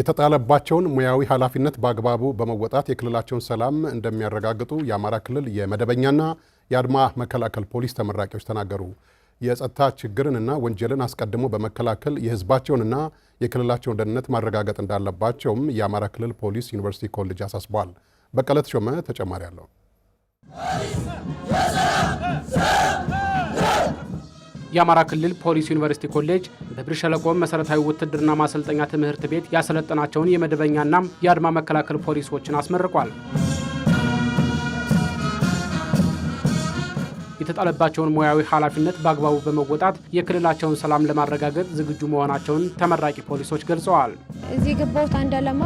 የተጣለባቸውን ሙያዊ ኃላፊነት በአግባቡ በመወጣት የክልላቸውን ሰላም እንደሚያረጋግጡ የአማራ ክልል የመደበኛና የአድማ መከላከል ፖሊስ ተመራቂዎች ተናገሩ። የጸጥታ ችግርንና ወንጀልን አስቀድሞ በመከላከል የሕዝባቸውንና የክልላቸውን ደህንነት ማረጋገጥ እንዳለባቸውም የአማራ ክልል ፖሊስ ዩኒቨርሲቲ ኮሌጅ አሳስቧል። በቀለት ሾመ ተጨማሪ አለው። የአማራ ክልል ፖሊስ ዩኒቨርሲቲ ኮሌጅ በብር ሸለቆ መሰረታዊ ውትድርና ማሰልጠኛ ትምህርት ቤት ያሰለጠናቸውን የመደበኛና የአድማ መከላከል ፖሊሶችን አስመርቋል። የተጣለባቸውን ሙያዊ ኃላፊነት በአግባቡ በመወጣት የክልላቸውን ሰላም ለማረጋገጥ ዝግጁ መሆናቸውን ተመራቂ ፖሊሶች ገልጸዋል። እዚህ የገባሁት አንድ ዓላማ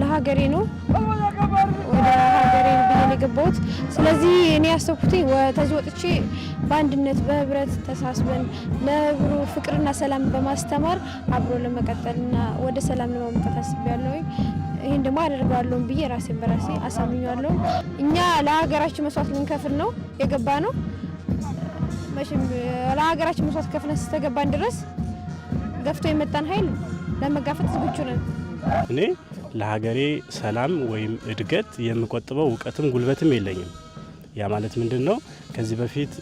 ለሀገሬ ነው ወደ ሀገሬ ነው የገባሁት። ስለዚህ እኔ ያሰብኩት ከዚህ ወጥቼ በአንድነት በህብረት ተሳስበን ለህብሩ ፍቅርና ሰላም በማስተማር አብሮ ለመቀጠልና ወደ ሰላም ለማምጣት አስቤያለሁ። ይህን ደግሞ አደርገዋለሁ ብዬ ራሴን በራሴ አሳምኛለሁ። እኛ ለሀገራችን መስዋዕት ልንከፍል ነው የገባ ነው። ለሀገራችን መስዋዕት ከፍለን ስተገባን ድረስ ገፍቶ የመጣን ኃይል ለመጋፈጥ ዝግጁ ነን። ለሀገሬ ሰላም ወይም እድገት የምቆጥበው እውቀትም ጉልበትም የለኝም። ያ ማለት ምንድን ነው? ከዚህ በፊት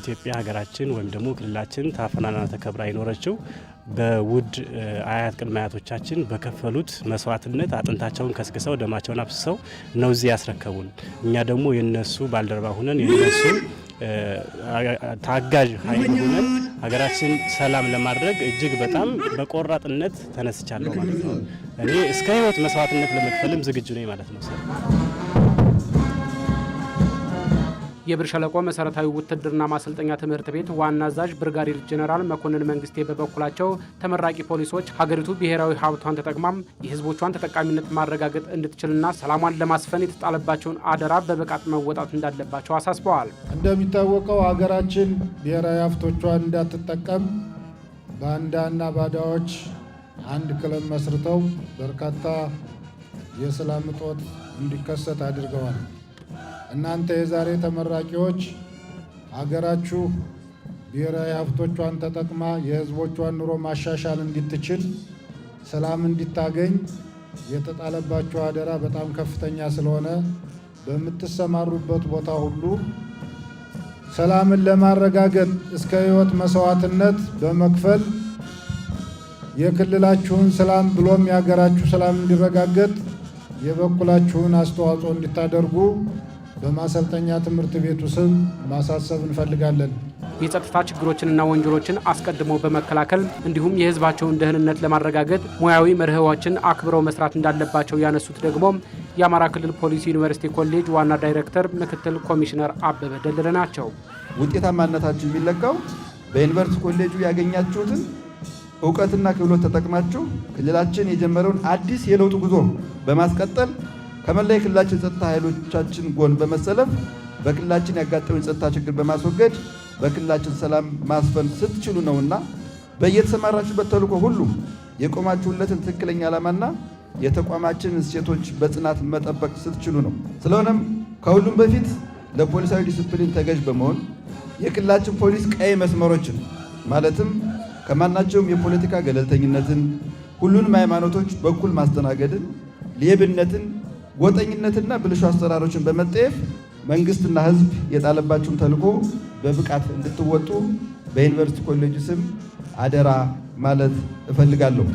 ኢትዮጵያ ሀገራችን ወይም ደግሞ ክልላችን ታፈናና ተከብራ የኖረችው በውድ አያት ቅድመ አያቶቻችን በከፈሉት መስዋዕትነት አጥንታቸውን ከስክሰው ደማቸውን አፍስሰው ነው እዚህ ያስረከቡን። እኛ ደግሞ የነሱ ባልደረባ ሁነን የነሱ ታጋዥ ኃይል ሁነን ሀገራችን ሰላም ለማድረግ እጅግ በጣም በቆራጥነት ተነስቻለሁ ማለት ነው። እኔ እስከ ህይወት መስዋዕትነት ለመክፈልም ዝግጁ ነኝ ማለት ነው። የብር ሸለቆ መሰረታዊ ውትድርና ማሰልጠኛ ትምህርት ቤት ዋና አዛዥ ብርጋዴር ጄኔራል መኮንን መንግስቴ በበኩላቸው ተመራቂ ፖሊሶች ሀገሪቱ ብሔራዊ ሀብቷን ተጠቅማም የህዝቦቿን ተጠቃሚነት ማረጋገጥ እንድትችልና ሰላሟን ለማስፈን የተጣለባቸውን አደራ በብቃት መወጣት እንዳለባቸው አሳስበዋል። እንደሚታወቀው ሀገራችን ብሔራዊ ሀብቶቿን እንዳትጠቀም ባንዳና ባዳዎች አንድ ክለብ መስርተው በርካታ የሰላም እጦት እንዲከሰት አድርገዋል። እናንተ የዛሬ ተመራቂዎች አገራችሁ ብሔራዊ ሀብቶቿን ተጠቅማ የህዝቦቿን ኑሮ ማሻሻል እንድትችል ሰላም እንዲታገኝ የተጣለባቸው አደራ በጣም ከፍተኛ ስለሆነ በምትሰማሩበት ቦታ ሁሉ ሰላምን ለማረጋገጥ እስከ ህይወት መስዋዕትነት በመክፈል የክልላችሁን ሰላም ብሎም የሀገራችሁ ሰላም እንዲረጋገጥ የበኩላችሁን አስተዋጽኦ እንድታደርጉ በማሰልጠኛ ትምህርት ቤቱ ስም ማሳሰብ እንፈልጋለን። የጸጥታ ችግሮችንና ወንጀሎችን አስቀድሞ በመከላከል እንዲሁም የሕዝባቸውን ደህንነት ለማረጋገጥ ሙያዊ መርህዎችን አክብረው መስራት እንዳለባቸው ያነሱት ደግሞ የአማራ ክልል ፖሊስ ዩኒቨርሲቲ ኮሌጅ ዋና ዳይሬክተር ምክትል ኮሚሽነር አበበ ደለለ ናቸው። ውጤታማነታችሁ የሚለካው በዩኒቨርሲቲ ኮሌጁ ያገኛችሁትን እውቀትና ክህሎት ተጠቅማችሁ ክልላችን የጀመረውን አዲስ የለውጥ ጉዞ በማስቀጠል ከመላ የክልላችን ጸጥታ ኃይሎቻችን ጎን በመሰለፍ በክልላችን ያጋጠመን ጸጥታ ችግር በማስወገድ በክልላችን ሰላም ማስፈን ስትችሉ ነውና በየተሰማራችሁበት ተልዕኮ ሁሉ የቆማችሁለትን ትክክለኛ ዓላማና የተቋማችን እሴቶች በጽናት መጠበቅ ስትችሉ ነው። ስለሆነም ከሁሉም በፊት ለፖሊሳዊ ዲስፕሊን ተገዥ በመሆን የክልላችን ፖሊስ ቀይ መስመሮችን ማለትም ከማናቸውም የፖለቲካ ገለልተኝነትን፣ ሁሉንም ሃይማኖቶች በኩል ማስተናገድን፣ ሌብነትን ጎጠኝነትና ብልሹ አሰራሮችን በመጠየፍ መንግስትና ህዝብ የጣለባችሁን ተልዕኮ በብቃት እንድትወጡ በዩኒቨርሲቲ ኮሌጅ ስም አደራ ማለት እፈልጋለሁ።